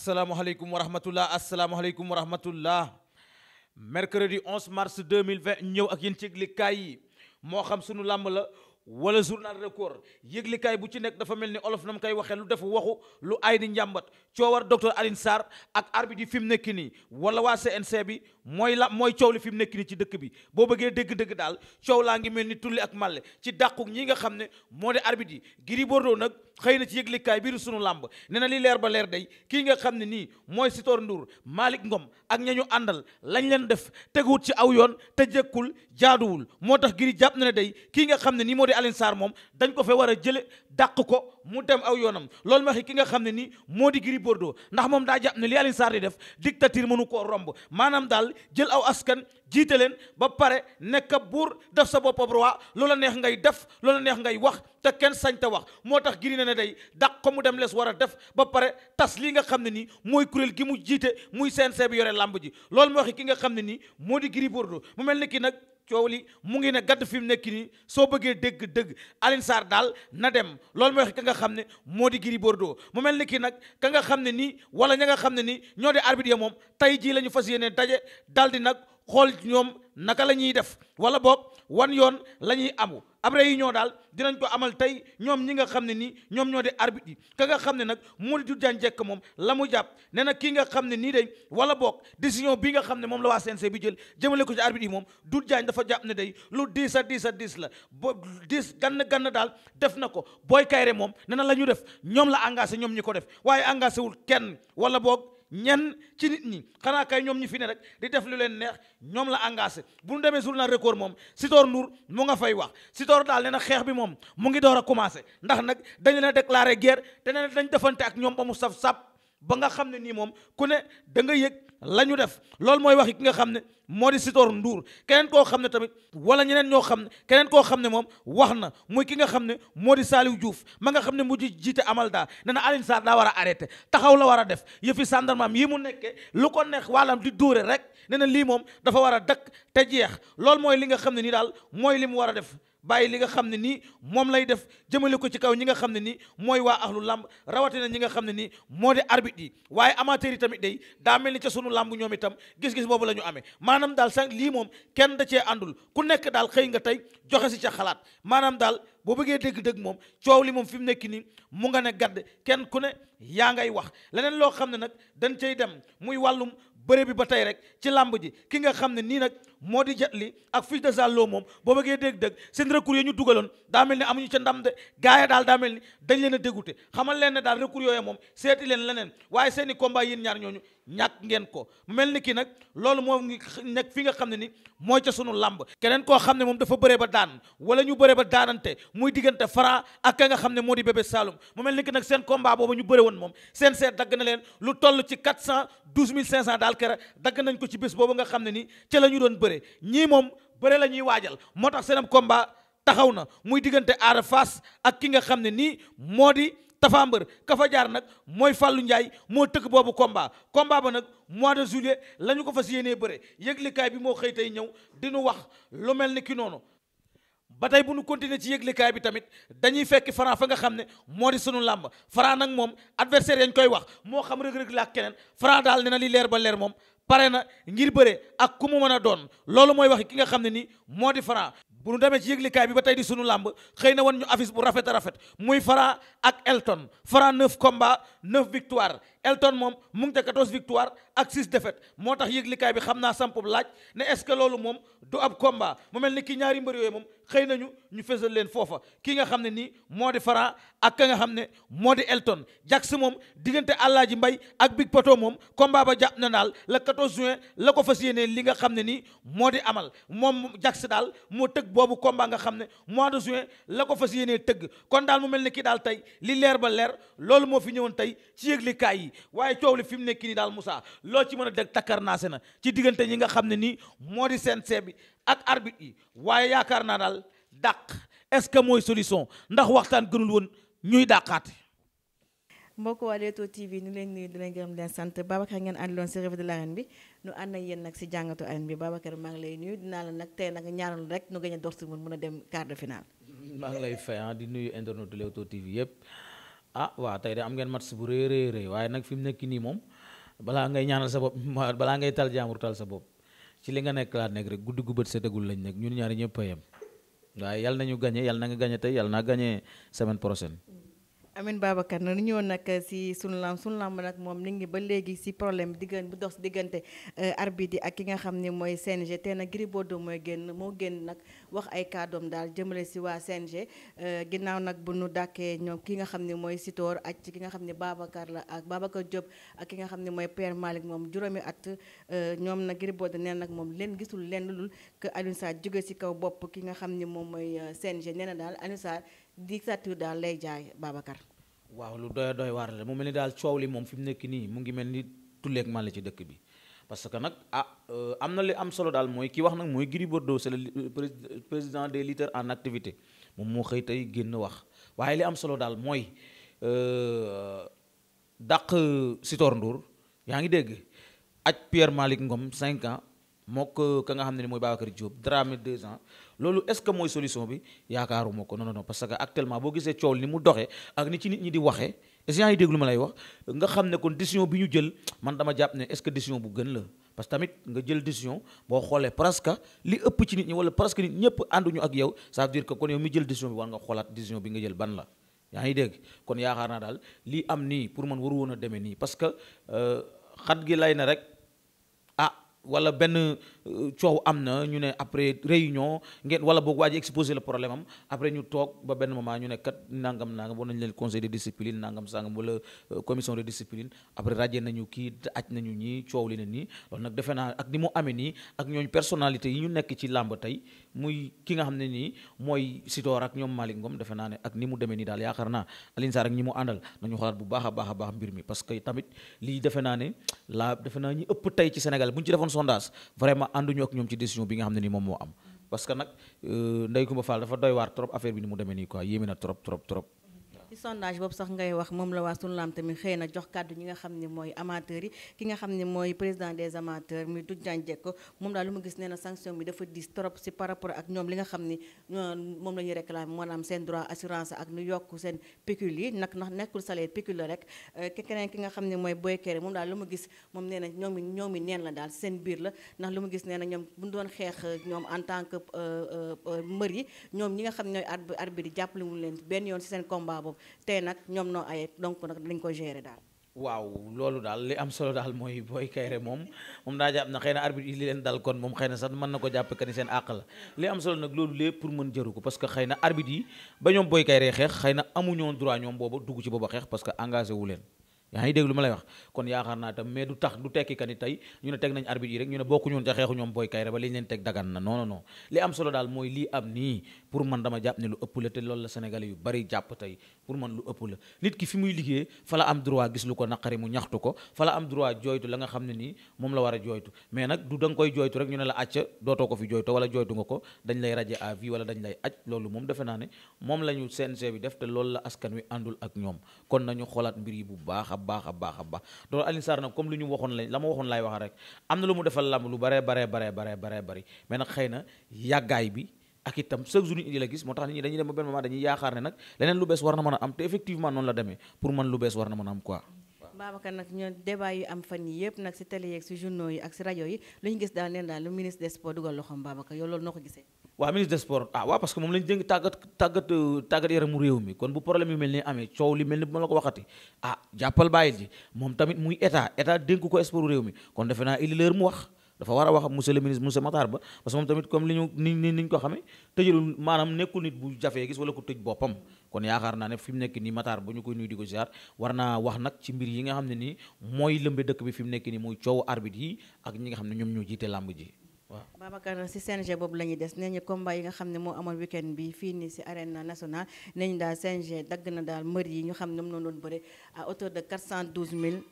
asalaamaaleykum wa rahmatullah asalaamaaleykum wa rahmatullah mercredi 11 mars 2020 ñëw ak yéen ci yëglikaay yi moo xam sunu làmb la wala journal record yëglikaay bu ci nekk dafa mel ni olof na mu koy waxee lu def waxu lu ay di njàmbat coowar docteur Alioune ak arbitre yi fi mu nekk nii wala waa CNC bi mooy la mooy coow li fi mu nekk nii ci dëkk bi boo bëggee dëgg-dëgg daal coow laa ngi mel ni tulli ak màlle ci dàqu ñi nga xam ne moo di arbitre yi Gris nag xëy na ci yëglikaay biiru sunu làmb ne na li leer ba leer day kii nga xam ne nii mooy Sitor Ndour Malick Ngom ak ñañu àndal lañ leen def teguwut ci aw yoon te jëkkul jaaduwul moo tax Gris jàpp na ne day kii nga xam ne nii moo di Alioune Sarr moom dañ ko fe war a jële dàq ko mu dem aw yoonam loolu ma xi ki nga xam ne nii moo di Gris Bordeaux ndax moom daa jàpp ne li Alioune Sarr di def dictature mënu koo romb maanaam daal jël aw askan jiite leen ba pare nekk buur def sa bopp ab roi loola neex ngay def loola neex ngay wax te kenn sañ te wax moo tax giri ne ne day daq ko mu dem lees war a def ba pare tas lii nga xam ne nii mooy kuréel gi mu jiite muy seen bi yore làmb ji loolu moo waxi ki nga xam ne nii moo di Gris Bordeaux mu mel ni ki nag coow li mu ngi ne gàtt fi mu nekk nii soo bëggee dégg dëgg Alioune daal na dem loolu mooy wax ka nga xam ne moo di Gris doo mu mel ni kii nag ka nga xam ne nii wala ña nga xam ne nii ñoo di arbitre moom tey jii la ñu fas yéene daje daal di nag xool ñoom naka la ñuy def wala boob wan yoon la ñuy amu ab réunion daal dinañ ko amal tey ñoom ñi nga xam ne nii ñoom ñoo di arbitre yi ka nga xam ne nag moo di Doudou Diagne Diéck moom la mu jàpp ne na kii nga xam ne nii day wala boog décision bi nga xam ne moom la waa CNG bi jël jëmale ko ci arbitre yi moom Doudou Diagne dafa jàpp ne day lu diis a diis a diis la bo diis gan gann daal def na ko booy kayre moom ne na la ñu def ñoom la engagé ñoom ñi ko def waaye engagé wul kenn wala boog ñenn ci nit ñi xanaa kay ñoom ñu fi ne rek di def lu leen neex ñoom la engagé bu ñu demee journal record moom Sitor Ndour mu nga fay wax Sitor daal nee na xeex bi moom mu ngi door a commencé ndax nag dañu leen déclaré guerre te nee na dañ defante ak ñoom ba mu saf sap ba nga xam ne nii moom ku ne da nga yëg la ñu def loolu mooy waxi ki nga xam ne moo di Sitor Ndour keneen koo xam ne tamit wala ñeneen ñoo xam ne keneen koo xam ne moom wax na muy ki nga xam ne moo di Saliou Diouf ma nga xam ne mu ji jiite Amalda nee na Alioune Sarr daa war a arrêté taxaw la war a def yëfi gendarmerie yi mu nekkee lu ko neex wàllam di dóore rek nee na lii moom dafa war a dakk te jeex loolu mooy li nga xam ne nii daal mooy li mu war a def bàyyi li nga xam ne nii moom lay def jëmale ko ci kaw ñi nga xam ne nii mooy waa axlu làmb rawatina ñi nga xam ne nii moo di arbitre yi waaye amateur yi tamit day daa mel ni ca sunu làmb ñoom itam gis-gis boobu la ñu amee maanaam daal sax lii moom kenn da cee àndul ku nekk daal xëy nga tey joxe si ca xalaat maanaam daal boo bëggee dégg-dégg moom coow li moom fi mu nekk nii mu nga ne gàdd kenn ku ne yaa ngay wax leneen loo xam ne nag dañ cay dem muy wàllum bëre bi ba tey rek ci làmb ji ki nga xam ne nii nag moo di jet li ak fiche de Zallo moom boo bëggee dégg-dégg seen recours yi ñu dugaloon daa mel ni amuñu ca ndam de gaaya daal daa mel ni dañ leen a xamal leen ne daal recours yooyu moom seeti leen leneen waaye seeni i combat ñaar ñooñu ñàkk ngeen ko mel ni kii nag loolu moo ngi nekk fi nga xam ne ni mooy ca sunu làmb keneen koo xam ne moom dafa bëre ba daan wala ñu bëree ba daanante muy diggante Franc ak ka nga xam ne moo di bébé Saloum mu ni ki nag seen combat boobu ñu bëre woon moom seen seet dagg leen lu toll ci quatre cent douze mille cinq cent daal kera ko ci bés boobu nga xam ne ni la ñu doon bëre bëre ñii moom bëre la ñuy waajal moo tax seenam komba taxaw na muy diggante Ada Fass ak ki nga xam ne nii moo di Tapha Mbeur kafa jaar nag mooy Fallou Ndiaye moo tëkk boobu combat combat ba nag mois de juillet lañu ñu ko fas yéenee bëre yëglikaay bi moo xëy tey ñëw di nu wax lu mel ni ki noonu ba tey bu nu continuer ci yëglikaay bi tamit dañuy fekk Franc fa nga xam ne moo di sunu làmb faraa nag moom adversaire yañ koy wax moo xam rëg-rëg la ak keneen Franc na li leer ba leer moom pare na ngir bëre ak ku mu mën a doon loolu mooy wax ki nga xam ne ni moo di Franc bu nu demee ci yëglikaay bi ba tey di sunu làmb xëy na wan ñu affiche bu rafet a rafet muy Franc ak Elton Franc neuf combats neuf victoire Elton moom mu ngi te 14 victoire ak 6 défaites moo tax yëglikaay bi xam naa sampub laaj ne est-ce que loolu moom du ab combat mu mel ni ki ñaari mbër yooyu moom xëy nañu ñu fësal leen foofa kii nga xam ne nii moo di Franc ak ka nga xam ne moo di Elton Jax moom diggante Alaaji Mbay ak Big Pato moom combat ba jàpp na daal la 14 juin la ko fas yéenee li nga xam ne nii moo di amal moom Jax daal moo tëgg boobu combat nga xam ne mois de juin la ko fas yéenee tëgg kon daal mu mel ni ki daal tey li leer ba leer loolu moo fi ñëwoon tey ci yi waaye coow li fi mu nekk nii daal Moussa loo ci mën a dégg takkar naase na ci diggante ñi nga xam ne nii moo di CNG bi ak arbitre yi waaye yaakaar naa daal dàq est-ce que mooy solution ndax waxtaan gënul woon ñuy dàqaate. mbokk waa Leewtoo TV ñu leen nuyu di leen leen sant Babacar ngeen àndiloon si revue de l'arène bi nu ànd ak yéen nag si jàngatu arène bi Babacar maa ngi lay nuyu dinaa la nag tey nag ñaanal rek nu gën a dox si mun mun a dem quart de finale. maa ngi lay fay ah, di nuyu internet yëpp. ah waaw tey de am ngeen match bu rëy rëy rëy waaye nag fi mu nekk nii moom balaa ngay ñaanal sa bopp balaa ngay tal jaamur tal sa bopp ci li nga nekk laa nekk rek guddi gu bët setagul lañ nekk ñun ñaari ñëpp a yem waaye yal nañu ñu gagné yal na nga gagné tey yal naa gañee semaine prochaine. Amin Babacar na ñëwoon nag euh, si sunu lamb sunu lamb nag moom ni ngi ba léegi si problème diggante bu dox si diggante euh, arbitre yi ak ki nga xam ne mooy CNG te nag Gris Bordeaux mooy génn moo génn nag wax ay kàddoom daal jëmale si waa CNG euh, ginnaaw nag bu nu dàkkee ñoom ki nga xam ne mooy Sitor ak ki nga xam ne Babacar la ak Babacar Diop ak ki nga xam ne mooy Père moom juróomi at ñoom nag Gris Bordeaux nee nag moom leen gisul lenn lul que Alioune Sarr jóge si kaw bopp ki nga xam ni moom mooy CNG nee na daal Alioune dictature daal lay jaay Babacar. waaw lu doy doy waar la mu mel ni daal coow li moom fi mu nekk nii mu ngi mel ni tulleeg man la ci dëkk bi parce que nag ah euh, am na li am solo daal mooy ki wax nag mooy Gris doo c'est le euh, président des lutteurs en activité moom moo xëy tey génn wax waaye li am solo daal mooy euh, daq Sitor Ndour yaa ngi dégg aj Pierre Malick Ngom 5 moo ko euh, ka nga xam ne ni mooy Babacar Diop Dramé deux ans loolu est-ce que mooy solution bi yaakaaruma ko non non non parce que actuellement boo gisee coow ni mu doxee ak ni ci nit ñi di waxee est-ce que yaa ngi déglu ne kon décision bi ñu jël man dama jàpp ne est-ce que décision bu gën la parce que tamit nga jël décision boo xoolee presque li ëpp ci nit ñi wala presque nit ñëpp ànduñu ak yow ça veut dire que kon yow mi jël décision bi war nga xoolaat décision bi nga jël ban la yaa ngi dégg kon yaakaar naa daal lii am nii pour man waru woon a demee nii parce que euh, xat gi lay na rek wala benn coow am na ñu ne après réunion ngeen wala boog waa ji exposé le problème am après ñu toog ba benn moment ñu ne kat nangam nangam war nañu conseil de discipline nangam sangam wala euh, commission de discipline après rajee nañu kii aj nañu ñii coow li ne nii loolu nag defe naa ak ni mu amee nii ak ñooñu personnalité yi ñu nekk ci làmb tey muy ki nga xam ne nii mooy Sitor ak ñoom Malick Ngom defe naa ne ak ni mu demee nii daal yaakaar naa Alioune Sarr ak ñi mu àndal nañu xoolaat bu baax a baax a baax mbir mi parce que tamit lii defe naa ne la defe naa ñi ëpp tey ci Sénégal bu ci defoon sondage ànduñu ak ñoom ci décision bi nga xam ni moom moo am parce nag euh, Ndeye Coumba dafa doy trop affaire bi ni mu demee nii quoi yéeme na trop trop trop ci sondage boobu sax ngay wax moom la waa sunu laam tamit xëy na jox kàddu ñi nga xam ne mooy amateurs yi ki nga xam ne mooy président des amateurs muy du jànjekko moom daal lu mu gis nee na sanction bi dafa diis trop si par rapport ak ñoom li nga xam ne euh, moom la ñuy réclamer maanaam seen droit assurance ak nu yokk seen pécule yi nag ndax nekkul salaire pécule la rek euh, keneen ki nga xam ne mooy boykere moom daal lu ma gis moom nee na ñoom ñoom i neen la daal seen biir la ndax lu ma gis nee na ñoom bu ñu doon xeex ñoom en tant que euh, mbër yi ñoom ñi nga xam ne ñooy arbitre yi jàppalewuñ leen benn yoon si seen combat boobu tey nag ñoom noo ay donc nag dañ ko gérer daal waaw loolu daal moom moom daa na xëy na arbitre yi li moom xëy na na ko jàpp que ni ko parce que xëy na arbitre yi ba ñoom na amuñoon droit ñoom booba dugg ci booba xeex que engagé wu leen yaa ngi dégg lu naa mais du tax du tekki ka ni tey ñu ne teg li am solo daal mooy lii am nii pour man dama jàpp ne lu ëpp la te loolu la sénégalais yu bari jàpp tey pour man lu ëpp la nit ki fi muy liggéey fa la am droit gis lu ko naqari mu ñaxtu ko fa la am droit jooytu la nga xam ne nii moom la war a jooytu mais nag du da nga koy jooytu rek ñu ne la acca dootoo ko fi jooytu wala jooytu nga ko dañ lay raje à vie wala dañ lay aj loolu moom defe naa ne moom la ñu CNG bi def te loolu la askan wi àndul ak ñoom kon nañu xolaat mbir yi bu baax a baax a baax a baax donc Alioune Sarr comme lu ñu waxoon lañ la ma waxoon laay wax rek am na mu defal làmb lu baree baree baree baree baree bëri mais xëy na yàggaay bi ak itam chaque jour ñu indi la gis moo tax nit ñi dañuy dem ba benn moment dañuy yaakaar ne nag leneen lu bees war na mën a am te effectivement noonu la demee pour man lu bees war na mën a am quoi. Babacar nag ñoo débat yu am fan yi yëpp nag si télé yeeg si journaux yi ak si rajo yi lu ñu gis daal neen daal lu ministre des sports dugal loxoom Babacar yow loolu noo ko gisee waaw ministre des sports ah waaw moom lañu dénk tàggat tàggat yaramu réew mi kon bu problème yu ah, wax dafa war a wax monsieur le ministre monsieur Matar Ba parce que moom tamit comme li ñu ni ni ni ñu ko xamee tëjalul maanaam nekkul nit bu jafee gis wala ku tëj boppam kon yaakaar naa ne fi mu nekk nii Matar Ba ñu koy nuyu di ko ziar war naa wax nag ci mbir yi nga xam ne nii mooy lëmbe dëkk bi fi mu nekk nii muy coow arbitre yi ak ñi nga xam ne ñoom ñoo jiite làmb ji waaw Babacar si CNG boobu la ñuy des nee ñu combat yi nga xam ne moo amoon weekend bi fii nii si arène nationale nee ñu daal CNG dagg na daal mbër yi ñu xam ne ñoom noonu doon bëre à hauteur de 412 000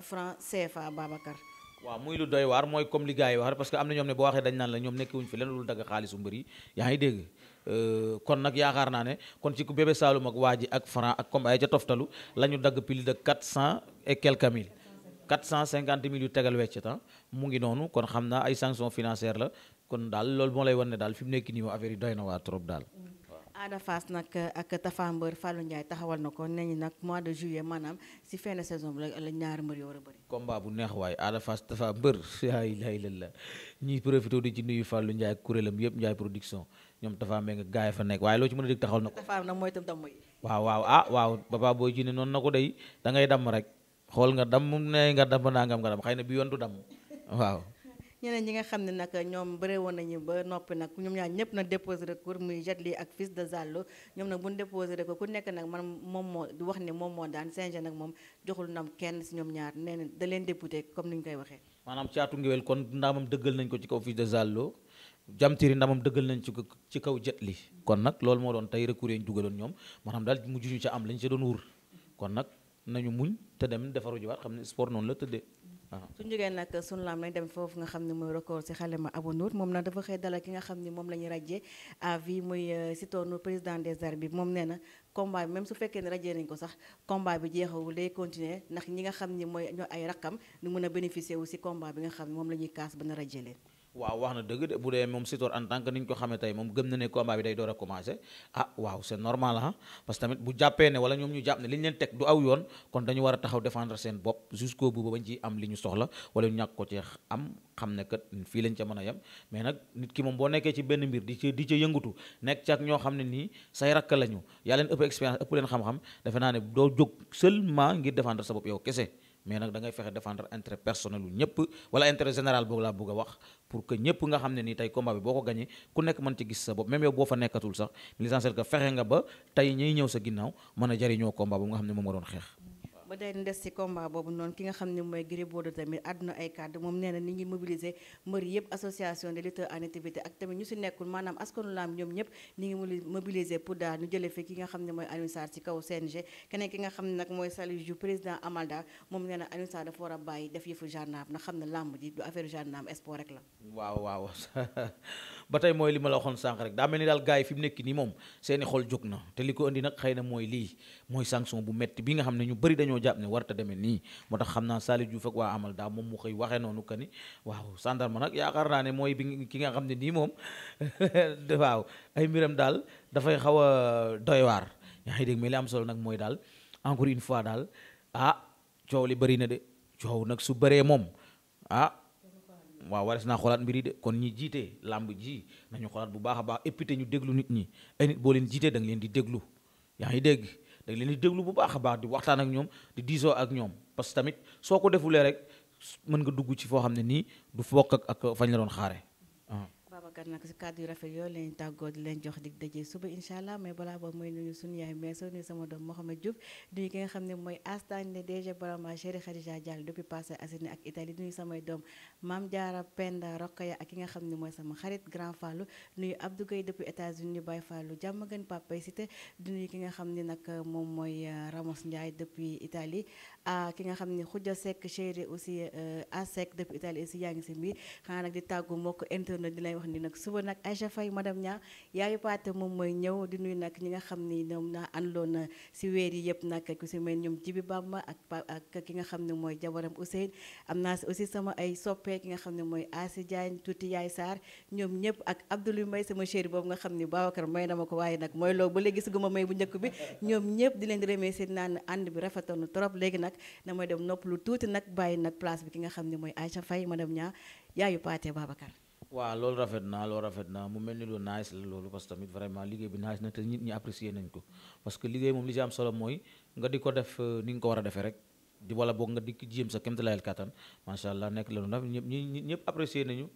francs CFA Babacar waaw muy lu doy waar mooy comme li gars yi wax parce que am na ñoom ne boo waxee dañ naan la ñoom nekkiwuñ fi leen lu dagg xaalisu mbër yi yaa ngi dégg euh, kon nag yaakaar naa ne kon ci ku bébé Saloum ak waa ji ak franc ak comme ay ca toftalu la ñu dagg pile de quatre cent et quelques mille quatre cent cinquante mille yu tegal weccet ah mu ngi noonu kon xam na ay sanctions financières la kon daal lool moo lay wan ne daal fi mu nekk nii affaire yi doy na waa trop daal Ada Fass nag ak Tapha Mbeur Fallou Ndiaye taxawal na ko nee nañu nag mois de juillet maanaam si fenn saison bi la ñaar mbër yi war a bëri. combat bu neex waaye Ada Fass Tapha Mbeur laa ilaaha illallaah ñuy profité di ci nuyu Fallou Ndiaye ak kuréelam yëpp Ndiaye production ñoom Tapha Mbengue nga gaay fa nekk waaye loo ci mën a dégg taxawal na ko. Tapha nag mooy tam tam mooy. waaw waaw ah waaw papa boo ci noonu na ko day da ngay damm rek xool nga damm ne nga damm naa nga am nga damm na bi yoon du damm waaw. ñeneen ñi nga xam ne nag ñoom bëre woon nañu ba noppi nag ñoom ñaar ñëpp nag déposé recours muy Jet Li ak fils de Zallo ñoom nag bu ku nekk nag man moom moo di wax ne moom moo daan CNG nag moom joxul ndam kenn si ñoom ñaar nee na da leen député comme ni ñu koy waxee. maanaam caatu ngéwél kon ndamam dëggal nañ ko ci kaw fils de Zallo jamtiri ndamam dëggal nañ ci ci kaw Jet Li kon nag loolu moo doon tey recours yi dugaloon ñoom maanaam daal mujj ñu ca am lañ ca doon wur kon nag nañu muñ te dem defaru jiwaat xam ne sport noonu la tëddee Uh-huh. suñu jógee nag sunu laam lañ dem foofu nga xam ne mooy record si xale ma Abou Ndour moom nag dafa xëy dalal ki nga xam ni moom la ñuy rajee à vie muy euh, Sitor Ndour président des arbitres moom nee na combat bi même su fekkee ne rajee nañ ko sax combat bi jeexawul day continuer ndax ñi nga xam ni mooy ñoo ay rakam ñu mën a bénéficier wu si combat bi nga xam ne moom la ñuy kaas ba na rajee leen waaw wax na dëgg de bu dee moom Sitor en tant que ni ñu ko xamee tey moom gëm na ne combat day door a commencé ah waaw c'est normal ah parce tamit bu jàppee ne wala ñoom ñu jàpp ne li ñu aw yoon kon dañu war a taxaw défendre seen bopp jusqu'au bout ba bañ am li ñu soxla wala ñu ñàkk ko ci am xam ne kat fii lañ ca mën a yem mais nag nit ki moom boo nekkee ci benn mbir di ci di ci yëngatu nekk ci ak ñoo xam ne nii sa rakk lañu yaa leen ëpp expérience ëpp leen xam-xam defe naa ne doo jóg seulement ngir défendre sa bopp kese mais nag da ngay fexe défendre intérêt personnel lu ñëpp wala intérêt général boobu laa bëgg a wax pour que ñëpp nga xam ne ni tey combat bi boo ko gañee ku nekk mën ci gis sa bopp même yow boo fa nekkatul sax l'essentiel que fexe nga ba tey ñiy ñëw sa ginnaaw mën a jariñoo combat bu nga xam ne moom nga doon xeex ba day des ci combat boobu noonu ki nga xam ne mooy Gris Bordeaux tamit àdduna ay kàddu moom nee na ni ngi mobiliser mbër yëpp association des lutteurs en activité ak tamit ñu si nekkul maanaam askanu laam ñoom ñëpp ni ngi mobiliser pour daal ñu jële fi ki nga xam ne mooy Alioune Sarr ci kaw CNG keneen ki nga xam ne nag mooy Saliou Diouf président Amalda moom nee na Alioune Sarr dafa war a bàyyi def yëfu gendarme na xam ne làmb ji du affaire gendarme sport rek la waaw ba tey mooy li ma la waxoon sànq rek daa mel ni daal gars yi fi mu nekk nii moom seeni xol jóg na te li ko indi nag xëy na mooy lii mooy sanction bu metti bi nga xam ne ñu bëri dañoo jàpp ne warta demee nii moo tax xam naa Saliou Diouf ak waa amal daa moom mu noonu que ni waaw gendarme nag yaakaar naa ne mooy bi ki nga xam ne nii moom waaw ay mbiram daal dafay xaw a doy waar yaa ngi dégg am solo nag mooy daal encore une fois daal ah coow li bëri na de coow nag su bëree moom ah waaw wares naa xoolaat mbir yi de kon ñi jiite làmb ji nañu xoolaat bu baax a baax épité ñu déglu nit ñi ay nit boo leen jiitee da nga leen di déglu yaa ngi dégg danga leen di déglu bu baax a baax di waxtaan ak ñoom di diisoo ak ñoom parce que tamit soo ko defulee rek mën nga dugg ci foo xam ne nii du fokk ak ak fañ la doon xaare Babacar nag si kàddu yu rafet yooyu leen tàggoo di leen jox dig daje suba incha allah mais balaa boobu mooy nuyu suñu yaay meeso nuyu sama doom Mohamed Diouf nuyu ki nga xam ne mooy sama xarit Grand Fallou nuyu Abdou depuis États-Unis Baye Fallou jàmm gën Papa Cité di ki nga xam ne nag moom mooy euh, Ramos Ndiaye depuis Italie ki nga xam ne Khoudia Seck chéri aussi euh, Asek depuis Italie aussi yaa ngi si mbir xanaa nag di tàggu mbokk internet di lay wax ni nag suba nag Aïcha Faye madame Nia yaayu paate moom mooy ñëw di nuyu nag ñi nga xam ni ñoom naa àndoon na si weer yi yëpp nag ku si mel ñoom Jibi Bamba ak ak ki nga xam ne mooy jabaram Ousseyne am naa aussi sama ay soppee ki nga xam ne mooy Asi Diagne tuuti Yaay Sarr ñoom ñëpp ak Abdoulaye Mbaye sama chéri boobu nga xam ni Babacar may na ma ko waaye nag mooy loolu ba léegi gisuguma may bu njëkk bi ñoom ñëpp di leen remercier naan ànd bi rafetoon na trop léegi nag damay dem nopp lu tuuti nag bàyyi nag place bi ki nga xam ne mooy Aïcha Faye madame Nia yaayu paate Babacar waaw loolu rafet naa loolu rafet naa mu mel ni lu nice la loolu parce que tamit vraiment liggéey bi nice na te nit ñi apprécier nañ ko parce que liggéey moom li ci am solo mooy nga di ko def euh, ni nga ko war a defee rek di wala boog nga di jéem sa kéemtalaayal kàttan macha allah nekk la lu ñi ñëpp apprécier nañu.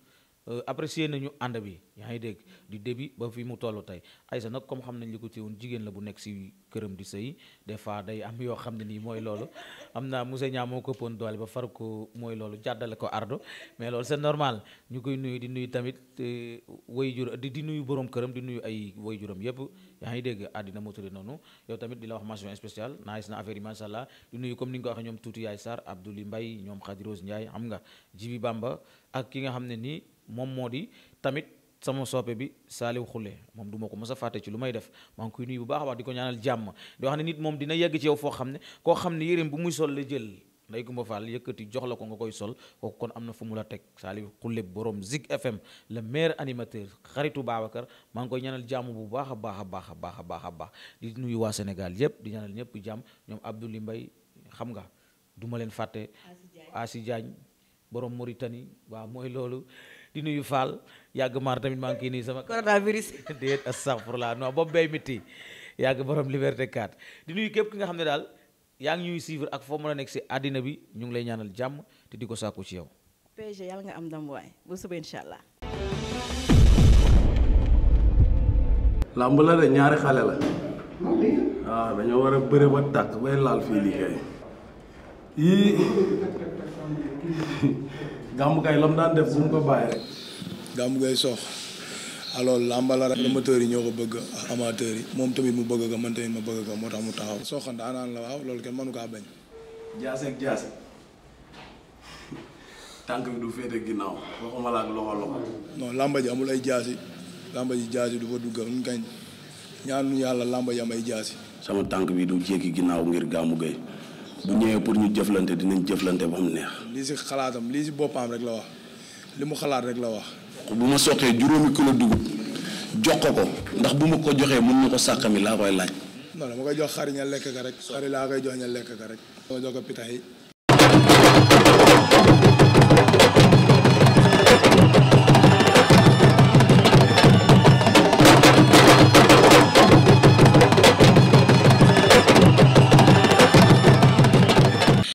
Euh, apprécier nañu ànd bi yaa ngi dégg du début ba fi mu toll tey Aïssa nag comme xam nañ li ko ci woon jigéen la bu nekk si këram di sëy des fois day am yoo xam ne nii mooy loolu am naa Moussa Niang moo ko ëppoon doole ba far ko loolu jàddale ko ardo mais loolu c'est normal ñu koy nuyu di nuyu tamit euh, way jur di nuyu borom këram di nuyu ay way juram yëpp yaa ngi dégg àddina moo tudd noonu yow tamit di la wax mention spéciale naagis na affaire yi macha allah di nuyu comme ni nga ko waxee ñoom tuuti yaay Sarr Abdoulaye Mbaye ñoom Khady Rose xam nga Jibi Bamba ak ki nga xam ne nii moom moo di tamit sama soppe bi saaliw xulle moom du ma ko mës a fàtte ci lu may def maa ngi koy nuyu bu baax a baax di ko ñaanal jàmm di wax ne nit moom dina yegg ci yow foo xam ne koo xam ne yéreem bu muy sol la jël nday gumba faal yëkkati jox la ko nga koy sol kooku kon am na fu mu la teg saaliw xulle borom Zik FM le maire animateur xaritu Babacar maa ngi koy ñaanal jàmm bu baax a baax a baax a baax a baax a baax di nuyu waa Sénégal yépp di ñaanal ñëpp jàmm ñoom Abdoulaye Mbaye xam nga duma leen fàtte Asi Diagne borom di nuyu Fall yàgg maar tamit maa ngi koy nuyu sama. coronavirus. déet astaghfirullah non boobu bay mitti yàgg borom Liberté 4 di nuyu képp ki nga xam ne daal yaa ngi ñuy suivre ak foo mën a nekk si àddina bi ñu ngi lay ñaanal jàmm te di ko sàkku ci yow. PG yàlla nga am ndam làmb la de ñaari xale la. Ah, Gamou Gueye la mu daan def bu mu ko bàyyi rek. Gamou Gueye sox alors lambala rek amateurs yi ñoo ko bëgg amateurs yi moom tamit mu bëgg ko mën tamit ma bëgg ko moo tax mu taxaw. soxna daanaan la waaw loolu kaa bañ. jaase ak jaase tànk bi du féete ginnaaw waxuma ji amul ay jaasi lamba ji jaasi du fa dugga ñu kañ ñaanu yàlla lamba ji am ay jaasi. sama tànk bi du jéggi ginnaaw ngir Gamou bu ñëwee pour ñu jëflante dinañ jëflante ba am neex. lii si xalaatam lii si boppam rek la wax li mu xalaat rek la wax. bu ma soqee juróomi kilo dugub jox ko ko ndax bu ma ko joxee mën na ko sàkkami laa koy laaj. non dama koy jox xari ña lekk ka rek. xari laa koy jox ña lekk ka rek. ma jox ko pitax yi.